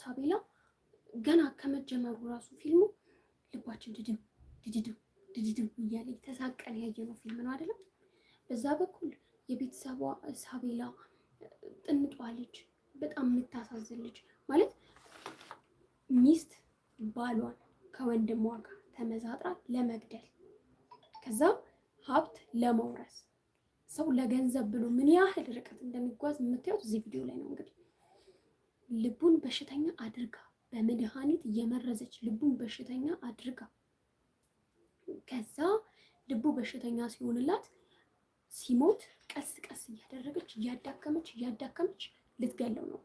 ሳቤላ ገና ከመጀመሩ ራሱ ፊልሙ ልባችን ድድም ድድድም ድድድም እያለ ተሳቀን ያየነው ፊልም ነው አይደለም። በዛ በኩል የቤተሰቧ ሳቤላ ጥንጧ ልጅ በጣም የምታሳዝን ልጅ ማለት ሚስት ባሏን ከወንድሟ ጋር ተመዛጥራ ለመግደል ከዛ ሀብት ለመውረስ ሰው ለገንዘብ ብሎ ምን ያህል ርቀት እንደሚጓዝ የምታዩት እዚህ ቪዲዮ ላይ ነው እንግዲህ ልቡን በሽተኛ አድርጋ በመድኃኒት የመረዘች ልቡን በሽተኛ አድርጋ ከዛ ልቡ በሽተኛ ሲሆንላት ሲሞት ቀስ ቀስ እያደረገች እያዳከመች እያዳከመች ልትገለው ነው።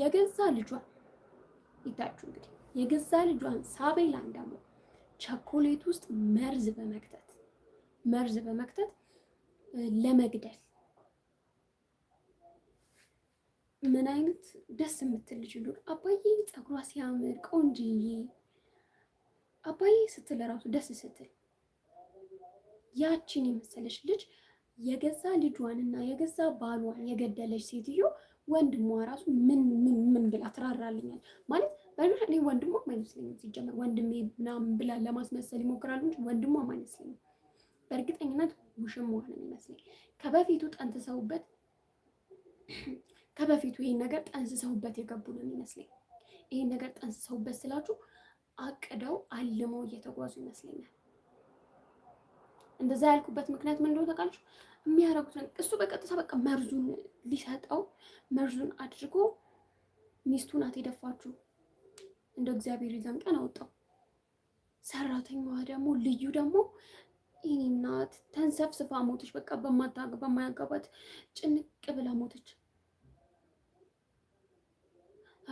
የገዛ ልጇን ይታችሁ እንግዲህ የገዛ ልጇን ሳቤላን ደግሞ ቸኮሌት ውስጥ መርዝ በመክተት መርዝ በመክተት ለመግደል ምን አይነት ደስ የምትል ልጅ ሁሉ አባዬ ፀጉሯ ሲያምር ቆንጅዬ አባዬ ስትል ራሱ ደስ ስትል ያችን የመሰለች ልጅ የገዛ ልጇን እና የገዛ ባሏን የገደለች ሴትዮ ወንድሟ ራሱ ምን ምን ምን ብላ ትራራልኛል ማለት በእርግጥ እኔ ወንድሟም አይመስለኝም። ሲጀመር ወንድሜ ምናምን ብላ ለማስመሰል ይሞክራሉ እንጂ ወንድሟም አይመስለኝም። በእርግጠኝነት ውሽም መሆን ይመስለኝ ከበፊቱ ጠንትሰውበት ከበፊቱ ይህን ነገር ጠንስሰውበት የገቡ ነው የሚመስለኝ። ይህን ነገር ጠንስሰውበት ስላችሁ አቅደው አልመው እየተጓዙ ይመስለኛል። እንደዛ ያልኩበት ምክንያት ምን እንደሆነ ታውቃለች። የሚያረጉትን እሱ በቀጥታ በቃ መርዙን ሊሰጠው መርዙን አድርጎ ሚስቱ ናት የደፋችሁ። እንደ እግዚአብሔር ይዘን ቀን አወጣው። ሰራተኛዋ ደግሞ ልዩ ደግሞ ይህን እናት ተንሰፍስፋ ሞተች። በቃ በማታ በማያገባት ጭንቅ ብላ ሞተች።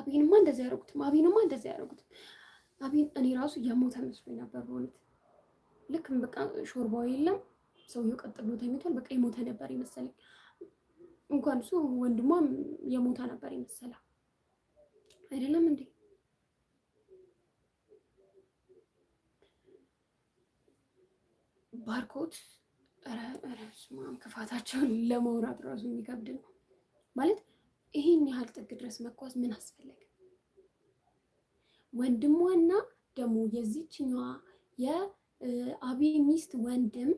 አቤንማ እንደዚህ ያደረጉትም አቤንማ እንደዚህ ያደረጉትም አቤን እኔ ራሱ የሞተ መስሎኝ ነበር። በእውነት ልክ በቃ ሾርባው የለም ሰውየው ቀጥ ብሎ ተኝቷል። በቃ የሞተ ነበር የመሰለኝ። እንኳን እሱ ወንድሟም የሞታ ነበር የመሰለ አይደለም እንዴ? ባርኮት ኧረ ክፋታቸውን ለመውራት ራሱ የሚከብድ ነው ማለት ይሄን ያህል ጥግ ድረስ መጓዝ ምን አስፈለገ? ወንድሟና ደግሞ የዚችኛዋ የአቢ ሚስት ወንድም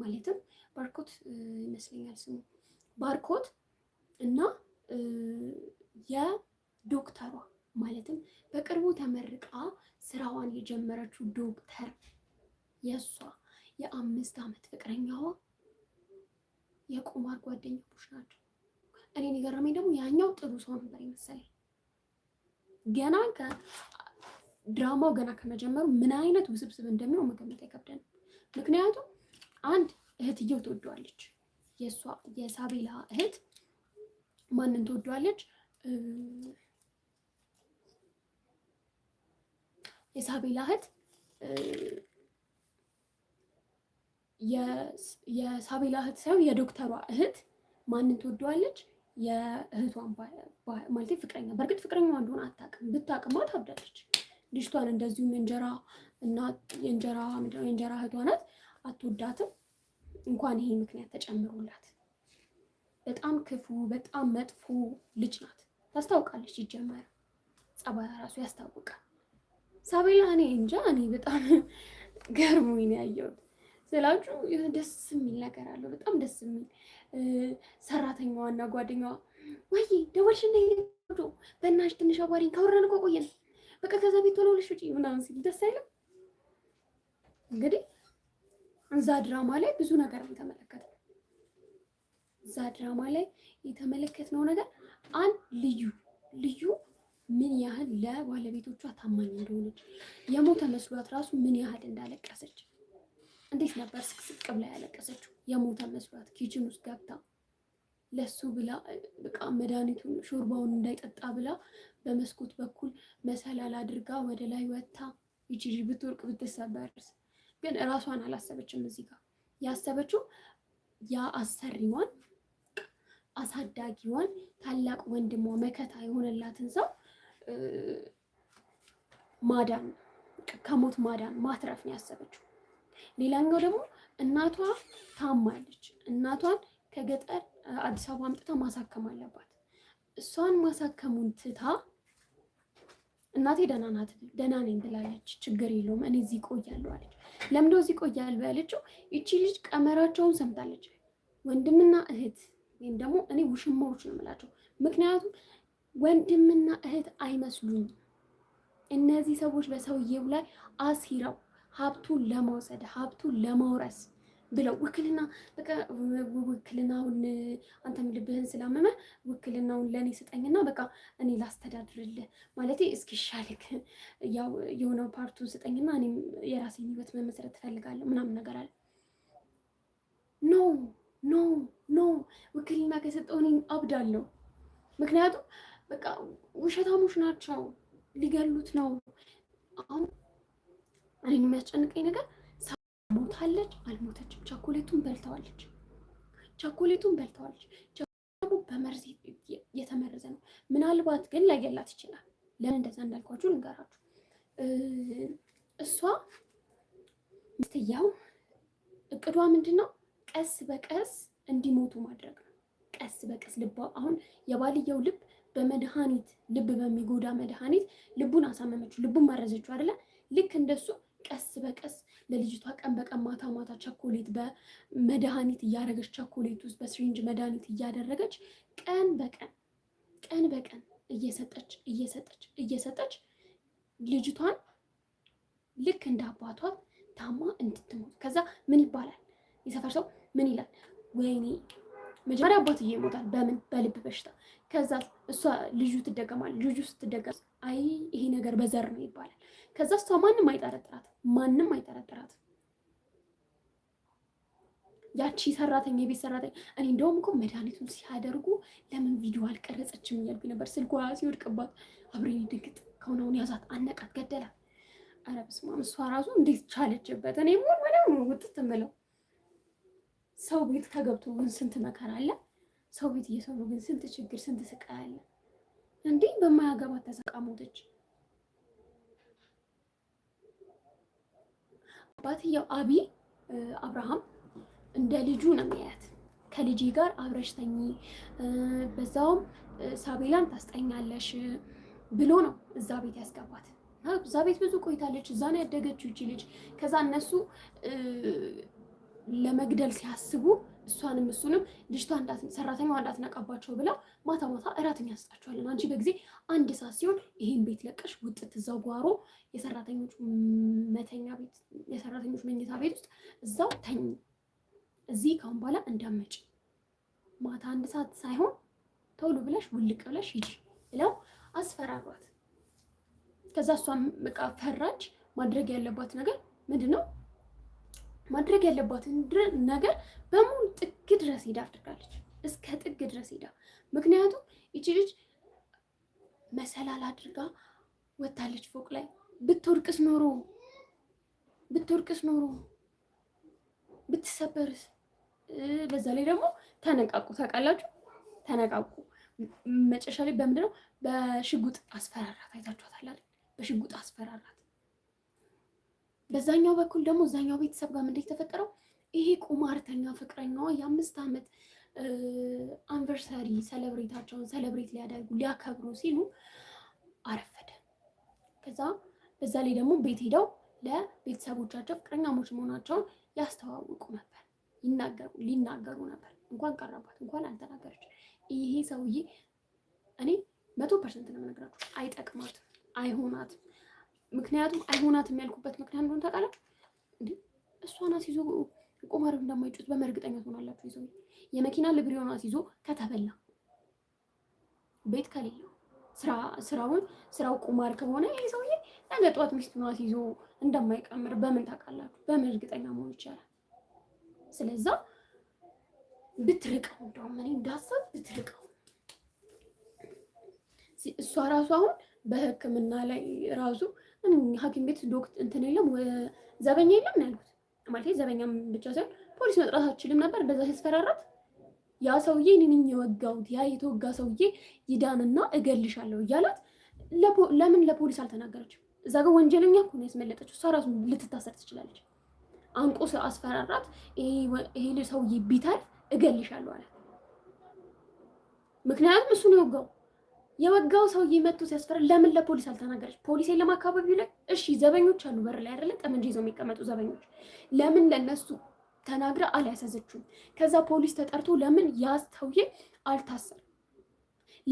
ማለትም ባርኮት ይመስለኛል ስሙ ባርኮት እና የዶክተሯ ማለትም በቅርቡ ተመርቃ ስራዋን የጀመረችው ዶክተር የእሷ የአምስት ዓመት ፍቅረኛዋ የቁማር ጓደኛሞች ናቸው። እኔ የገረመኝ ደግሞ ያኛው ጥሩ ሰው ነበር የመሰለኝ። ገና ከድራማው ገና ከመጀመሩ ምን አይነት ውስብስብ እንደሚሆን መገመት አይከብደንም። ምክንያቱም አንድ እህትየው ትወደዋለች፣ የእሷ የሳቤላ እህት ማንን ትወደዋለች? የሳቤላ እህት የሳቤላ እህት ሳይሆን የዶክተሯ እህት ማንን ትወደዋለች? የእህቷን ማለት ፍቅረኛ በእርግጥ ፍቅረኛ እንደሆነ አታውቅም። ብታውቅማ ታብዳለች። ልጅቷን እንደዚሁም የእንጀራ እና የእንጀራ የእንጀራ እህቷ ናት፣ አትወዳትም። እንኳን ይሄ ምክንያት ተጨምሮላት በጣም ክፉ በጣም መጥፎ ልጅ ናት። ታስታውቃለች። ይጀመር ጸባይ ራሱ ያስታውቃል። ሳቤላ እኔ እንጃ እኔ በጣም ገርሞኝ ነው ያየሁት ስላችሁ ደስ የሚል ነገር አለው። በጣም ደስ የሚል ሰራተኛዋና ጓደኛዋ ወይ ደወልሽ ዶ በእናትሽ ትንሽ አዋሪኝ ካወራን እኮ ቆየን፣ በቃ ከዛ ቤት ቶሎ ብለሽ ውጪ ምናምን ሲል ደስ አይልም። እንግዲህ እዛ ድራማ ላይ ብዙ ነገር የተመለከትነው እዛ ድራማ ላይ የተመለከትነው ነገር አንድ ልዩ ልዩ ምን ያህል ለባለቤቶቿ ታማኝ እንደሆነች የሞተ መስሏት ራሱ ምን ያህል እንዳለቀሰች እንዴት ነበር ስቅስቅ ብላ ያለቀሰችው። የሞተ መስሏት ኪችን ውስጥ ገብታ ለሱ ብላ በቃ መድኃኒቱን ሾርባውን እንዳይጠጣ ብላ በመስኮት በኩል መሰላል አድርጋ ወደ ላይ ወጥታ ይቺ ልጅ ብትወርቅ ብትሰበርስ? ግን እራሷን አላሰበችም። እዚህ ጋር ያሰበችው ያ አሰሪዋን አሳዳጊዋን ታላቅ ወንድሟ መከታ የሆነላትን ሰው ማዳን ከሞት ማዳን ማትረፍ ነው ያሰበችው። ሌላኛው ደግሞ እናቷ ታማለች። እናቷን ከገጠር አዲስ አበባ አምጥታ ማሳከም አለባት። እሷን ማሳከሙን ትታ እናቴ ደህና ናት፣ ደህና ነኝ ብላለች፣ ችግር የለውም እኔ እዚህ ቆያለሁ አለች። ለምደው እዚህ ቆያለሁ ያለችው ይቺ ልጅ ቀመራቸውን ሰምታለች። ወንድምና እህት ወይም ደግሞ እኔ ውሽማዎች ነው የምላቸው፣ ምክንያቱም ወንድምና እህት አይመስሉኝም እነዚህ ሰዎች በሰውየው ላይ አሲረው ሀብቱን ለመውሰድ ሀብቱን ለመውረስ ብለው ውክልና በቃ ውክልናውን አንተም ልብህን ስላመመ ውክልናውን ለእኔ ስጠኝና በቃ እኔ ላስተዳድርልህ ማለት እስኪሻልክ ያው የሆነው ፓርቱን ስጠኝና እኔም የራሴን ህይወት መመስረት ትፈልጋለሁ ምናምን ነገር አለ። ኖ ኖ ኖ ውክልና ከሰጠው እኔም አብዳለሁ። ምክንያቱም በቃ ውሸታሞች ናቸው፣ ሊገሉት ነው አሁን እኔን የሚያስጨንቀኝ ነገር ሞታለች አልሞተችም፣ ቸኮሌቱን በልተዋለች፣ ቸኮሌቱን በልተዋለች። ደግሞ በመርዝ የተመረዘ ነው። ምናልባት ግን ላይገላት ይችላል። ለምን እንደዛ እንዳልኳችሁ ልንገራችሁ። እሷ ምስትያው እቅዷ ምንድን ነው? ቀስ በቀስ እንዲሞቱ ማድረግ ነው። ቀስ በቀስ ልቧ አሁን የባልየው ልብ በመድኃኒት ልብ በሚጎዳ መድኃኒት ልቡን አሳመመችው፣ ልቡን መረዘችው አይደለ? ልክ እንደሱ ቀስ በቀስ ለልጅቷ ቀን በቀን ማታ ማታ ቸኮሌት በመድኃኒት እያደረገች ቸኮሌት ውስጥ በስሪንጅ መድኃኒት እያደረገች ቀን በቀን ቀን በቀን እየሰጠች እየሰጠች እየሰጠች ልጅቷን ልክ እንደ አባቷ ታማ እንድትሞት ከዛ ምን ይባላል የሰፈር ሰው ምን ይላል ወይኔ መጀመሪያ አባትዬ ይሞታል። በምን በልብ በሽታ። ከዛ እሷ ልጁ ትደገማል። ልጁ ስትደገም አይ ይሄ ነገር በዘር ነው ይባላል። ከዛ እሷ ማንም አይጠረጥራት፣ ማንም አይጠረጥራት። ያቺ ሰራተኛ የቤት ሰራተኛ እኔ እንደውም እኮ መድኃኒቱን ሲያደርጉ ለምን ቪዲዮ አልቀረጸችም እያልኩኝ ነበር። ስልኳ ሲወድቅባት አብሬን ድንግጥ ከሆነውን ያዛት፣ አነቃት፣ ገደላት። ኧረ በስመ አብ! እሷ ራሱ እንዴት ቻለችበት? እኔ ሆን ወደ ውጥት ምለው ሰው ቤት ከገብቶ ግን ስንት መከራ አለ። ሰው ቤት እየሰሩ ግን ስንት ችግር፣ ስንት ስቃይ አለ። እንዲህ በማያገባት ተሰቃ ሞተች። አባትየው አቢ አብርሃም እንደ ልጁ ነው የሚያያት። ከልጅ ጋር አብረሽ ተኚ፣ በዛውም ሳቤላን ታስጠኛለሽ ብሎ ነው እዛ ቤት ያስገባት። እዛ ቤት ብዙ ቆይታለች። እዛ ነው ያደገችው እጅ ልጅ። ከዛ እነሱ ለመግደል ሲያስቡ እሷንም እሱንም ልጅቷ ሰራተኛዋ እንዳትነቃባቸው ብላ ማታ ማታ እራት ያስጣቸዋለን። አንቺ በጊዜ አንድ ሰዓት ሲሆን ይህን ቤት ለቀሽ ውጥት እዛው ጓሮ የሰራተኞች መተኛ ቤት የሰራተኞች መኝታ ቤት ውስጥ እዛው ተኝ። እዚህ ከአሁን በኋላ እንዳመጭ ማታ አንድ ሰዓት ሳይሆን ቶሎ ብለሽ ውልቅ ብለሽ ሂጂ ብለው አስፈራሯት። ከዛ እሷም በቃ ፈራች። ማድረግ ያለባት ነገር ምንድን ነው? ማድረግ ያለባትን ነገር በሙሉ ጥግ ድረስ ሄዳ አድርጋለች። እስከ ጥግ ድረስ ሄዳ ምክንያቱም ይቺ ልጅ መሰላል አድርጋ ወታለች ፎቅ ላይ። ብትወድቅስ ኖሮ ብትወድቅስ ኖሮ ብትሰበርስ? በዛ ላይ ደግሞ ተነቃቁ፣ ታውቃላችሁ፣ ተነቃቁ። መጨረሻ ላይ በምንድነው በሽጉጥ አስፈራራት። አይታችኋታል አይደል? በሽጉጥ አስፈራራት። በዛኛው በኩል ደግሞ እዛኛው ቤተሰብ ጋር ምንድን የተፈጠረው ይሄ ቁማርተኛ ፍቅረኛዋ የአምስት ዓመት አንቨርሰሪ ሰለብሬታቸውን ሰለብሬት ሊያደርጉ ሊያከብሩ ሲሉ አረፈደ። ከዛ በዛ ላይ ደግሞ ቤት ሄደው ለቤተሰቦቻቸው ፍቅረኛሞች መሆናቸውን ያስተዋውቁ ነበር፣ ይናገሩ ሊናገሩ ነበር። እንኳን ቀረባት፣ እንኳን አልተናገረች። ይሄ ሰውዬ እኔ መቶ ፐርሰንት ነው የምነግራችሁ፣ አይጠቅማትም፣ አይሆናትም። ምክንያቱም አይሆናት የሚያልኩበት ምክንያት እንደሆነ ታውቃለህ። እሷን አስይዞ ቁማር እንደማይጩት በመርግጠኛ ትሆናላችሁ። ይዘው የመኪና ልብሬውን አስይዞ ከተበላ ቤት ከሌለው ስራ ስራውን ስራው ቁማር ከሆነ ይሄ ሰውዬ ነገ ጠዋት ሚስቱን አስይዞ እንደማይቀምር በምን ታውቃላችሁ? በምን እርግጠኛ መሆን ይቻላል? ስለዛ ብትርቀው፣ እንደውም እኔ እንዳሰብ ብትርቀው። እሷ ራሱ አሁን በህክምና ላይ ራሱ ሐኪም ቤት ዶክት እንትን የለም ዘበኛ የለም ያልኩት። ማለት ዘበኛም ብቻ ሳይሆን ፖሊስ መጥራት አችልም ነበር። በዛ ሲያስፈራራት ያ ሰውዬ እኔ የወጋሁት ያ የተወጋ ሰውዬ ይዳንና እገልሻለሁ እያላት ለምን ለፖሊስ አልተናገረችም? እዛ ጋር ወንጀለኛ እኮ ነው ያስመለጠችው። እሷ ራሱ ልትታሰር ትችላለች። አንቆ አስፈራራት። ይሄ ሰውዬ ቢታል እገልሻለሁ አለ። ምክንያቱም እሱ ነው የወጋው የወጋው ሰውዬ መጥቶ ሲያስፈራ ለምን ለፖሊስ አልተናገረች? ፖሊስ የለም አካባቢው ላይ። እሺ ዘበኞች አሉ በር ላይ አይደለ? ጠመንጃ ይዘው የሚቀመጡ ዘበኞች። ለምን ለነሱ ተናግራ አልያሰዘችውም? ከዛ ፖሊስ ተጠርቶ ለምን ያዝ ሰውዬ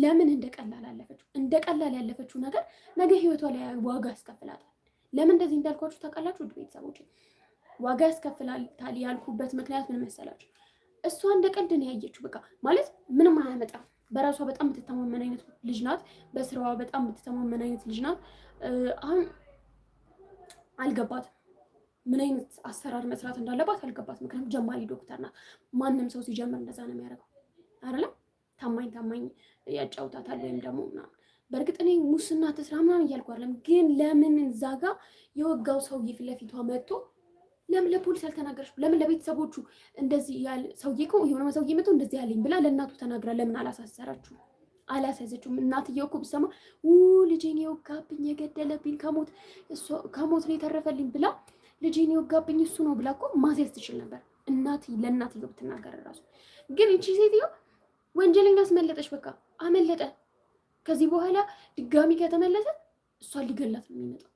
ለምን እንደ ቀላል አለፈችው? እንደ ቀላል ያለፈችው ነገር ነገ ህይወቷ ላይ ዋጋ ያስከፍላታል። ለምን እንደዚህ እንዳልኳችሁ ታውቃላችሁ? ውድ ቤተሰቦች ዋጋ ያስከፍላታል ያልኩበት ምክንያት ምን መሰላችሁ? እሷ እንደ ቀልድ ነው ያየችው። በቃ ማለት ምንም አያመጣም። በራሷ በጣም የምትተማመን አይነት ልጅ ናት። በስራዋ በጣም የምትተማመን አይነት ልጅ ናት። አሁን አልገባት ምን አይነት አሰራር መስራት እንዳለባት አልገባት። ምክንያቱም ጀማሪ ዶክተር ናት። ማንም ሰው ሲጀምር እንደዛ ነው የሚያደርገው አይደለ? ታማኝ ታማኝ ያጫውታታል ወይም ደግሞ ምናምን። በእርግጥ እኔ ሙስና ትስራ ምናምን እያልኩ አይደለም፣ ግን ለምን እዛ ጋ የወጋው ሰው ፊት ለፊቷ መጥቶ ለምን ለፖሊስ አልተናገረች? ለምን ለቤተሰቦቹ እንደዚህ ያለ ሰውዬ እኮ የሆነ ሰውዬ መቶ እንደዚህ ያለኝ ብላ ለእናቱ ተናግራ ለምን አላሳሰራችሁ? አላሳያዘችውም? እናትየው እኮ ብትሰማ ልጄን የወጋብኝ የገደለብኝ ከሞት ነው የተረፈልኝ ብላ ልጄን የወጋብኝ እሱ ነው ብላ እኮ ማዘዝ ትችል ነበር። እናት ለእናትየው ብትናገር ራሱ ግን እቺ ሴትዮ ወንጀለኛ አስመለጠች። በቃ አመለጠ። ከዚህ በኋላ ድጋሚ ከተመለሰ እሷ ሊገላት ነው የሚመጣው፣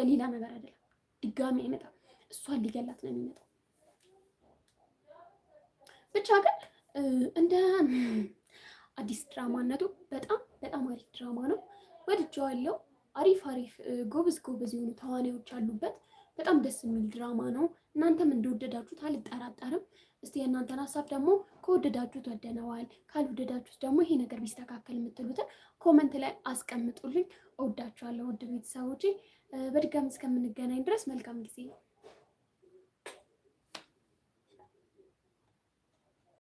ለሌላ ነገር አይደለም። ድጋሚ አይመጣም። እሷን ሊገላት ነው የሚመጣው። ብቻ ግን እንደ አዲስ ድራማነቱ በጣም በጣም አሪፍ ድራማ ነው። ወድጄዋለሁ። አሪፍ አሪፍ ጎበዝ ጎበዝ የሆኑ ተዋናዮች አሉበት። በጣም ደስ የሚል ድራማ ነው። እናንተም እንደወደዳችሁት አልጠራጠርም። እስቲ የእናንተን ሀሳብ ደግሞ ከወደዳችሁት ወደነዋል፣ ካልወደዳችሁት ደግሞ ይሄ ነገር ቢስተካከል የምትሉትን ኮመንት ላይ አስቀምጡልኝ። እወዳችኋለሁ ውድ ቤተሰቦቼ። በድጋሚ እስከምንገናኝ ድረስ መልካም ጊዜ